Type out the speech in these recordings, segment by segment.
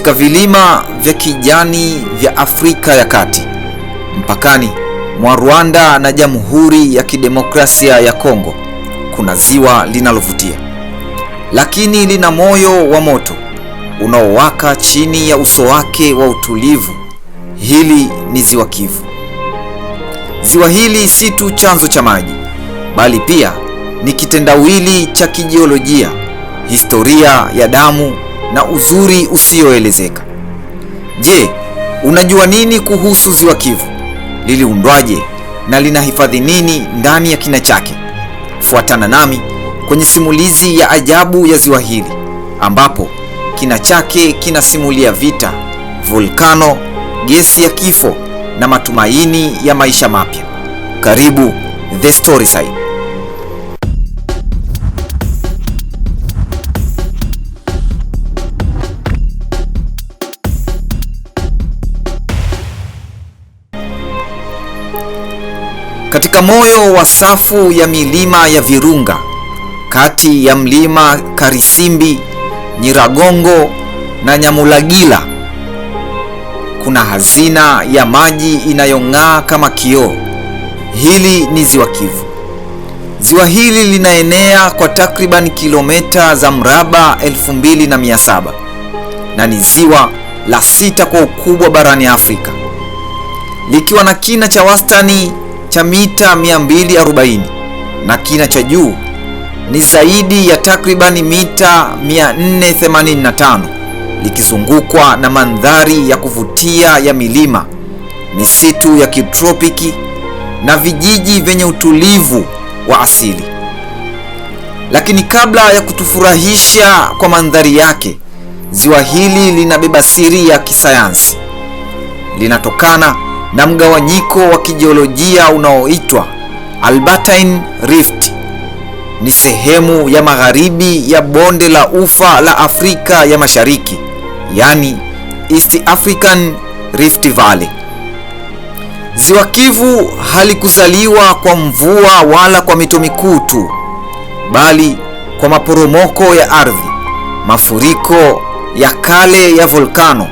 katika vilima vya kijani vya Afrika ya Kati mpakani mwa Rwanda na Jamhuri ya Kidemokrasia ya Kongo kuna ziwa linalovutia, lakini lina moyo wa moto unaowaka chini ya uso wake wa utulivu. Hili ni Ziwa Kivu. Ziwa hili si tu chanzo cha maji, bali pia ni kitendawili cha kijiolojia, historia ya damu na uzuri usioelezeka. Je, unajua nini kuhusu ziwa Kivu? Liliundwaje na linahifadhi nini ndani ya kina chake? Fuatana nami kwenye simulizi ya ajabu ya ziwa hili ambapo kina chake kinasimulia vita, volkano, gesi ya kifo na matumaini ya maisha mapya. Karibu The Storyside. Katika moyo wa safu ya milima ya Virunga, kati ya mlima Karisimbi, Nyiragongo na Nyamulagila, kuna hazina ya maji inayong'aa kama kioo. Hili ni Ziwa Kivu. Ziwa hili linaenea kwa takriban kilomita za mraba 2700 na ni ziwa la sita kwa ukubwa barani Afrika likiwa na kina cha wastani cha mita 240 na kina cha juu ni zaidi ya takribani mita 485 likizungukwa na mandhari ya kuvutia ya milima, misitu ya kitropiki na vijiji vyenye utulivu wa asili. Lakini kabla ya kutufurahisha kwa mandhari yake, ziwa hili linabeba siri ya kisayansi. Linatokana na mgawanyiko wa kijiolojia unaoitwa Albertine Rift. Ni sehemu ya magharibi ya bonde la ufa la Afrika ya Mashariki, yani East African Rift Valley. Ziwa Kivu halikuzaliwa kwa mvua wala kwa mito mikuu tu, bali kwa maporomoko ya ardhi, mafuriko ya kale ya volkano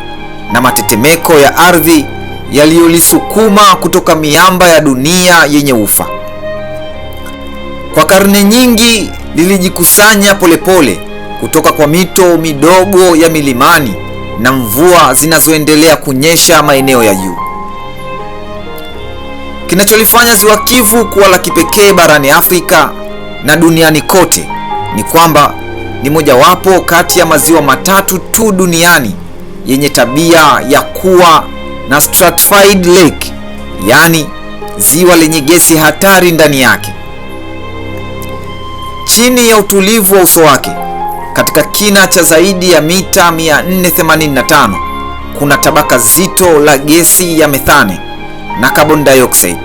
na matetemeko ya ardhi yaliyolisukuma kutoka miamba ya dunia yenye ufa. Kwa karne nyingi lilijikusanya polepole kutoka kwa mito midogo ya milimani na mvua zinazoendelea kunyesha maeneo ya juu. Kinacholifanya Ziwa Kivu kuwa la kipekee barani Afrika na duniani kote ni kwamba ni mojawapo kati ya maziwa matatu tu duniani yenye tabia ya kuwa na stratified lake, yaani ziwa lenye gesi hatari ndani yake. Chini ya utulivu wa uso wake, katika kina cha zaidi ya mita 485 kuna tabaka zito la gesi ya methane na carbon dioxide.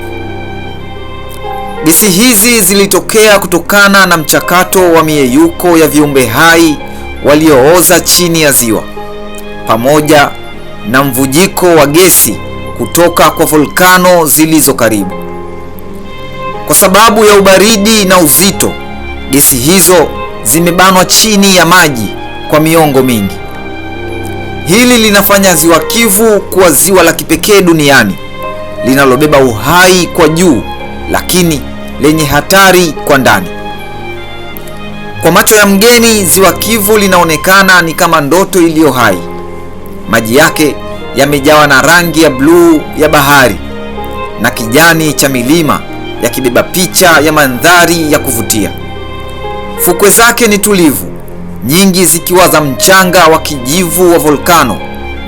Gesi hizi zilitokea kutokana na mchakato wa mieyuko ya viumbe hai waliooza chini ya ziwa pamoja na mvujiko wa gesi kutoka kwa volkano zilizo karibu. Kwa sababu ya ubaridi na uzito, gesi hizo zimebanwa chini ya maji kwa miongo mingi. Hili linafanya ziwa Kivu kuwa ziwa la kipekee duniani linalobeba uhai kwa juu, lakini lenye hatari kwa ndani. Kwa macho ya mgeni, ziwa Kivu linaonekana ni kama ndoto iliyo hai. Maji yake yamejawa na rangi ya bluu ya bahari na kijani cha milima, yakibeba picha ya mandhari ya kuvutia. Fukwe zake ni tulivu, nyingi zikiwa za mchanga wa kijivu wa volkano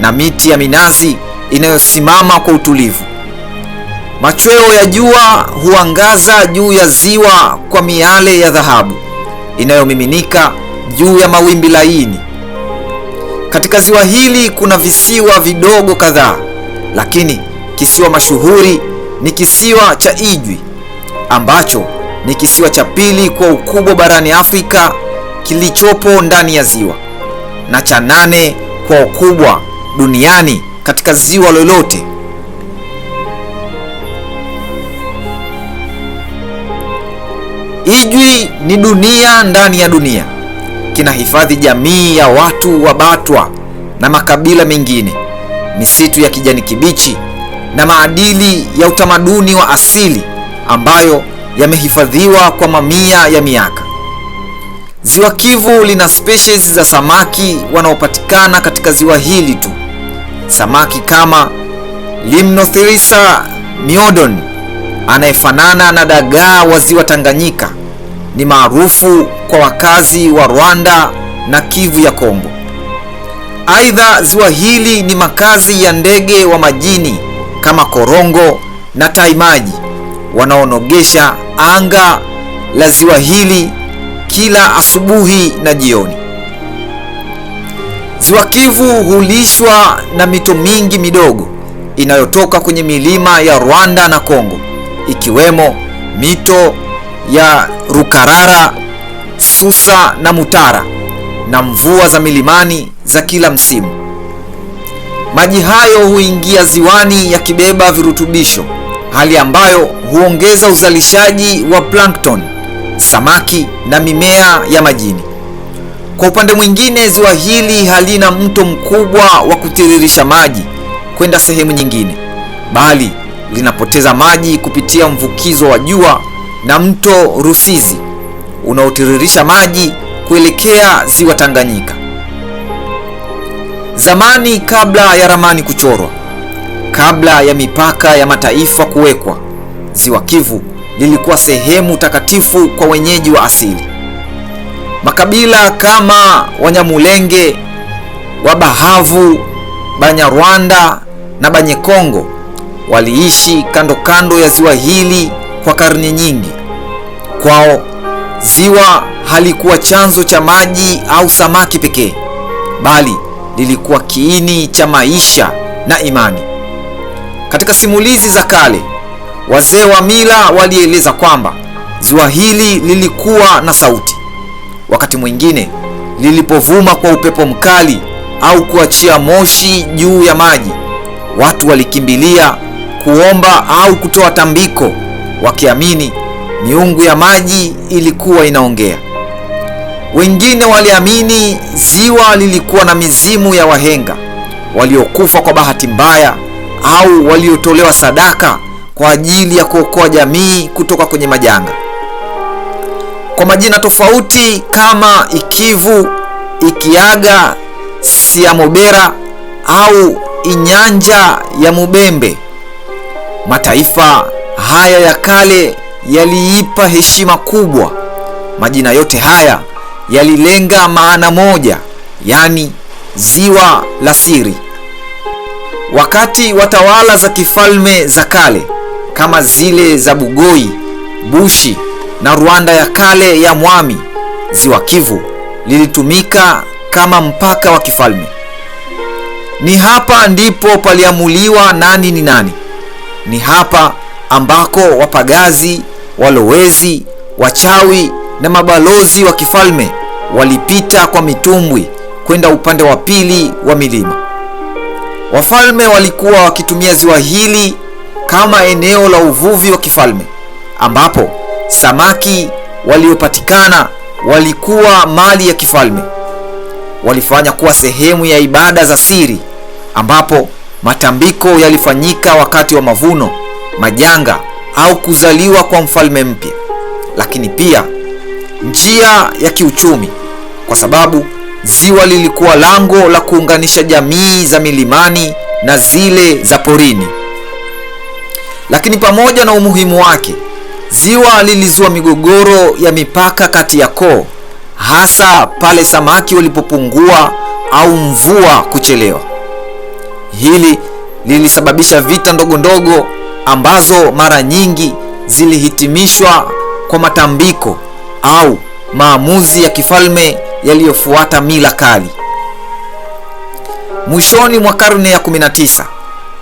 na miti ya minazi inayosimama kwa utulivu. Machweo ya jua huangaza juu ya ziwa kwa miale ya dhahabu inayomiminika juu ya mawimbi laini. Katika ziwa hili kuna visiwa vidogo kadhaa, lakini kisiwa mashuhuri ni kisiwa cha Ijwi ambacho ni kisiwa cha pili kwa ukubwa barani Afrika kilichopo ndani ya ziwa na cha nane kwa ukubwa duniani katika ziwa lolote. Ijwi ni dunia ndani ya dunia kinahifadhi jamii ya watu wa Batwa na makabila mengine, misitu ya kijani kibichi na maadili ya utamaduni wa asili ambayo yamehifadhiwa kwa mamia ya miaka. Ziwa Kivu lina species za samaki wanaopatikana katika ziwa hili tu. Samaki kama limnotherisa miodon anayefanana na dagaa wa ziwa Tanganyika ni maarufu kwa wakazi wa Rwanda na Kivu ya Kongo. Aidha, ziwa hili ni makazi ya ndege wa majini kama korongo na taimaji wanaonogesha anga la ziwa hili kila asubuhi na jioni. Ziwa Kivu hulishwa na mito mingi midogo inayotoka kwenye milima ya Rwanda na Kongo ikiwemo mito ya Rukarara, Susa na Mutara na mvua za milimani za kila msimu. Maji hayo huingia ziwani yakibeba virutubisho, hali ambayo huongeza uzalishaji wa plankton, samaki na mimea ya majini. Kwa upande mwingine, ziwa hili halina mto mkubwa wa kutiririsha maji kwenda sehemu nyingine, bali linapoteza maji kupitia mvukizo wa jua na mto Rusizi unaotiririsha maji kuelekea ziwa Tanganyika. Zamani, kabla ya ramani kuchorwa, kabla ya mipaka ya mataifa kuwekwa, ziwa Kivu lilikuwa sehemu takatifu kwa wenyeji wa asili. Makabila kama Wanyamulenge, Wabahavu, Banyarwanda na Banyekongo waliishi kando kando ya ziwa hili kwa karne nyingi. Kwao ziwa halikuwa chanzo cha maji au samaki pekee, bali lilikuwa kiini cha maisha na imani. Katika simulizi za kale, wazee wa mila walieleza kwamba ziwa hili lilikuwa na sauti. Wakati mwingine lilipovuma kwa upepo mkali au kuachia moshi juu ya maji, watu walikimbilia kuomba au kutoa tambiko wakiamini miungu ya maji ilikuwa inaongea. Wengine waliamini ziwa lilikuwa na mizimu ya wahenga waliokufa kwa bahati mbaya au waliotolewa sadaka kwa ajili ya kuokoa jamii kutoka kwenye majanga. Kwa majina tofauti kama Ikivu, Ikiaga, Siamobera au Inyanja ya Mubembe, mataifa haya ya kale yaliipa heshima kubwa. Majina yote haya yalilenga maana moja, yani ziwa la siri. Wakati wa tawala za kifalme za kale kama zile za Bugoi, Bushi na Rwanda ya kale ya Mwami, ziwa Kivu lilitumika kama mpaka wa kifalme. Ni hapa ndipo paliamuliwa nani ni nani. Ni hapa ambako wapagazi, walowezi, wachawi na mabalozi wa kifalme walipita kwa mitumbwi kwenda upande wa pili wa milima. Wafalme walikuwa wakitumia ziwa hili kama eneo la uvuvi wa kifalme, ambapo samaki waliopatikana walikuwa mali ya kifalme. Walifanya kuwa sehemu ya ibada za siri, ambapo matambiko yalifanyika wakati wa mavuno majanga au kuzaliwa kwa mfalme mpya, lakini pia njia ya kiuchumi, kwa sababu ziwa lilikuwa lango la kuunganisha jamii za milimani na zile za porini. Lakini pamoja na umuhimu wake, ziwa lilizua migogoro ya mipaka kati ya koo, hasa pale samaki walipopungua au mvua kuchelewa. Hili lilisababisha vita ndogo ndogo ambazo mara nyingi zilihitimishwa kwa matambiko au maamuzi ya kifalme yaliyofuata mila kali. Mwishoni mwa karne ya 19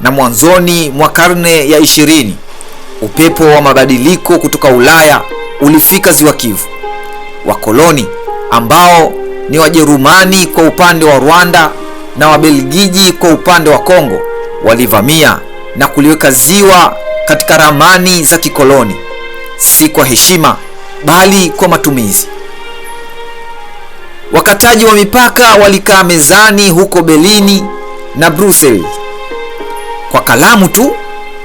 na mwanzoni mwa karne ya 20 upepo wa mabadiliko kutoka Ulaya ulifika Ziwa Kivu. Wakoloni ambao ni Wajerumani kwa upande wa Rwanda na Wabelgiji kwa upande wa Kongo walivamia na kuliweka ziwa katika ramani za kikoloni, si kwa heshima bali kwa matumizi. Wakataji wa mipaka walikaa mezani huko Berlini na Brussels. Kwa kalamu tu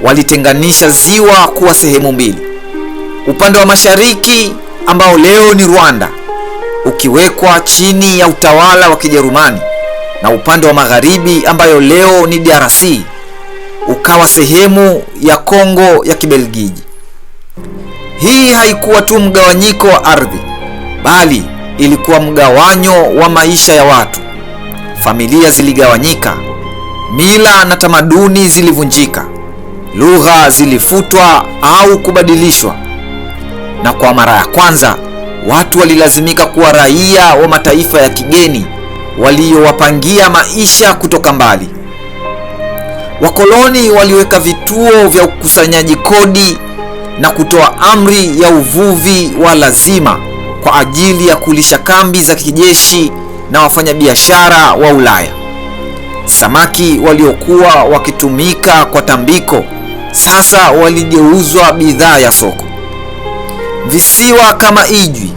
walitenganisha ziwa kuwa sehemu mbili, upande wa mashariki ambao leo ni Rwanda ukiwekwa chini ya utawala wa Kijerumani na upande wa magharibi ambayo leo ni DRC ukawa sehemu ya Kongo ya Kibelgiji. Hii haikuwa tu mgawanyiko wa ardhi, bali ilikuwa mgawanyo wa maisha ya watu. Familia ziligawanyika, mila na tamaduni zilivunjika, lugha zilifutwa au kubadilishwa, na kwa mara ya kwanza watu walilazimika kuwa raia wa mataifa ya kigeni waliowapangia maisha kutoka mbali. Wakoloni waliweka vituo vya ukusanyaji kodi na kutoa amri ya uvuvi wa lazima kwa ajili ya kulisha kambi za kijeshi na wafanyabiashara wa Ulaya. Samaki waliokuwa wakitumika kwa tambiko sasa waligeuzwa bidhaa ya soko. Visiwa kama Ijwi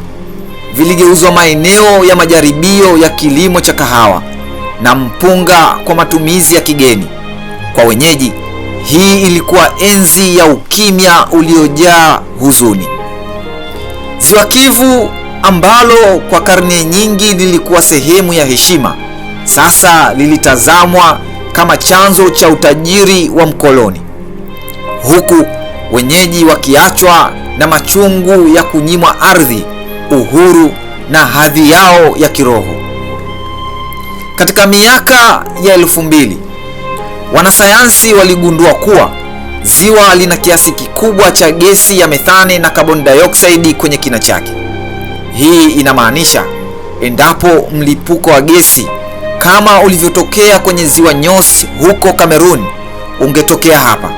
viligeuzwa maeneo ya majaribio ya kilimo cha kahawa na mpunga kwa matumizi ya kigeni kwa wenyeji. Hii ilikuwa enzi ya ukimya uliojaa huzuni. Ziwa Kivu ambalo kwa karne nyingi lilikuwa sehemu ya heshima, sasa lilitazamwa kama chanzo cha utajiri wa mkoloni, huku wenyeji wakiachwa na machungu ya kunyimwa ardhi, uhuru na hadhi yao ya kiroho. Katika miaka ya elfu mbili Wanasayansi waligundua kuwa ziwa lina kiasi kikubwa cha gesi ya methane na carbon dioxide kwenye kina chake. Hii inamaanisha endapo mlipuko wa gesi kama ulivyotokea kwenye ziwa Nyos huko Cameroon ungetokea hapa,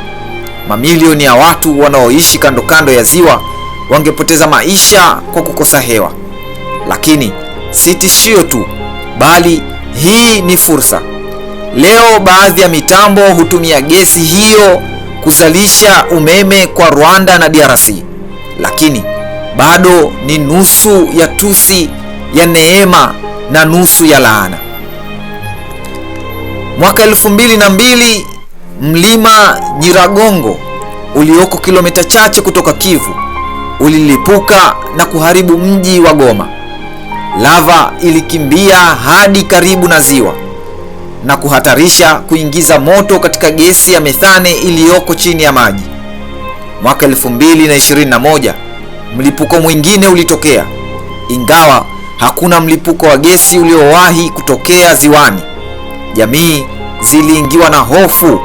mamilioni ya watu wanaoishi kando kando ya ziwa wangepoteza maisha kwa kukosa hewa. Lakini si tishio tu, bali hii ni fursa. Leo baadhi ya mitambo hutumia gesi hiyo kuzalisha umeme kwa Rwanda na DRC, lakini bado ni nusu ya tusi ya neema na nusu ya laana. Mwaka elfu mbili na mbili mlima Nyiragongo ulioko kilomita chache kutoka Kivu ulilipuka na kuharibu mji wa Goma. Lava ilikimbia hadi karibu na ziwa na kuhatarisha kuingiza moto katika gesi ya methane iliyoko chini ya maji. Mwaka 2021 mlipuko mwingine ulitokea, ingawa hakuna mlipuko wa gesi uliowahi kutokea ziwani. Jamii ziliingiwa na hofu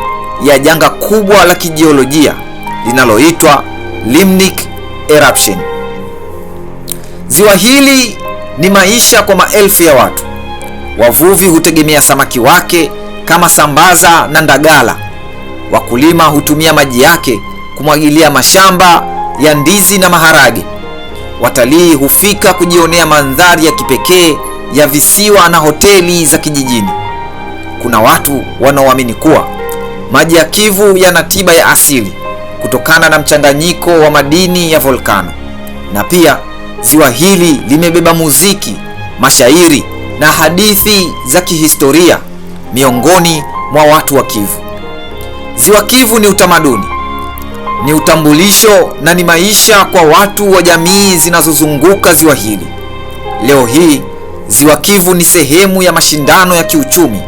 ya janga kubwa la kijiolojia linaloitwa Limnic eruption. Ziwa hili ni maisha kwa maelfu ya watu Wavuvi hutegemea samaki wake kama sambaza na ndagala. Wakulima hutumia maji yake kumwagilia mashamba ya ndizi na maharage. Watalii hufika kujionea mandhari ya kipekee ya visiwa na hoteli za kijijini. Kuna watu wanaoamini kuwa maji ya Kivu yana tiba ya asili kutokana na mchanganyiko wa madini ya volkano, na pia ziwa hili limebeba muziki, mashairi na hadithi za kihistoria miongoni mwa watu wa Kivu. Ziwa Kivu ni utamaduni, ni utambulisho na ni maisha kwa watu wa jamii zinazozunguka ziwa hili. Leo hii Ziwa Kivu ni sehemu ya mashindano ya kiuchumi,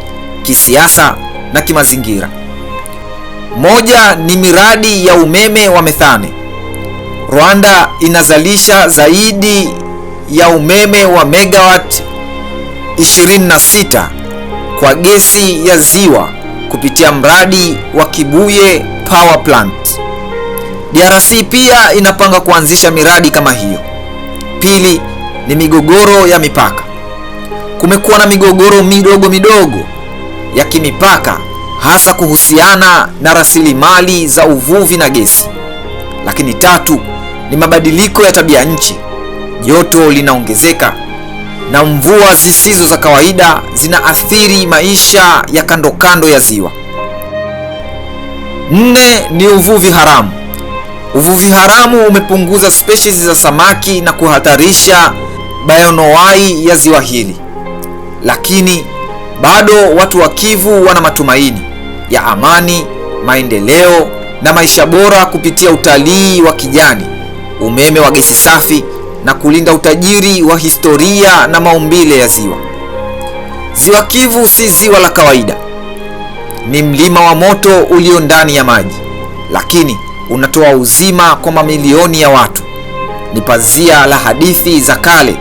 kisiasa na kimazingira. Moja ni miradi ya umeme wa methane. Rwanda inazalisha zaidi ya umeme wa megawatt 26 kwa gesi ya ziwa kupitia mradi wa Kibuye Power Plant. DRC pia inapanga kuanzisha miradi kama hiyo. Pili ni migogoro ya mipaka. Kumekuwa na migogoro midogo midogo ya kimipaka hasa kuhusiana na rasilimali za uvuvi na gesi. Lakini tatu ni mabadiliko ya tabia nchi. Joto linaongezeka na mvua zisizo za kawaida zinaathiri maisha ya kando kando ya ziwa. Nne ni uvuvi haramu. Uvuvi haramu umepunguza species za samaki na kuhatarisha bayonowai ya ziwa hili, lakini bado watu wa Kivu wana matumaini ya amani, maendeleo na maisha bora kupitia utalii wa kijani, umeme wa gesi safi na kulinda utajiri wa historia na maumbile ya ziwa. Ziwa Kivu si ziwa la kawaida, ni mlima wa moto ulio ndani ya maji, lakini unatoa uzima kwa mamilioni ya watu. Ni pazia la hadithi za kale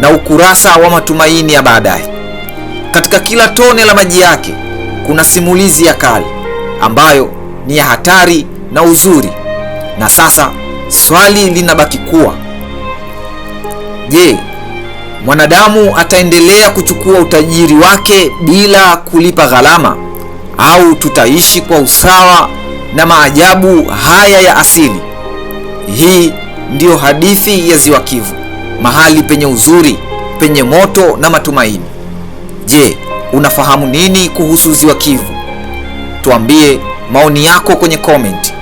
na ukurasa wa matumaini ya baadaye. Katika kila tone la maji yake kuna simulizi ya kale ambayo ni ya hatari na uzuri. Na sasa swali linabaki kuwa Je, mwanadamu ataendelea kuchukua utajiri wake bila kulipa gharama au tutaishi kwa usawa na maajabu haya ya asili? Hii ndiyo hadithi ya Ziwa Kivu, mahali penye uzuri, penye moto na matumaini. Je, unafahamu nini kuhusu Ziwa Kivu? Tuambie maoni yako kwenye comment.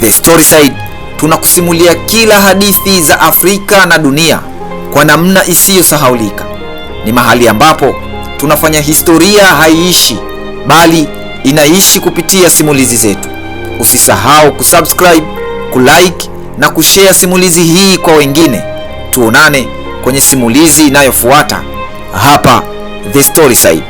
The Storyside tunakusimulia kila hadithi za Afrika na dunia kwa namna isiyosahaulika. Ni mahali ambapo tunafanya historia haiishi, bali inaishi kupitia simulizi zetu. Usisahau kusubscribe, kulike na kushare simulizi hii kwa wengine. Tuonane kwenye simulizi inayofuata hapa The Side.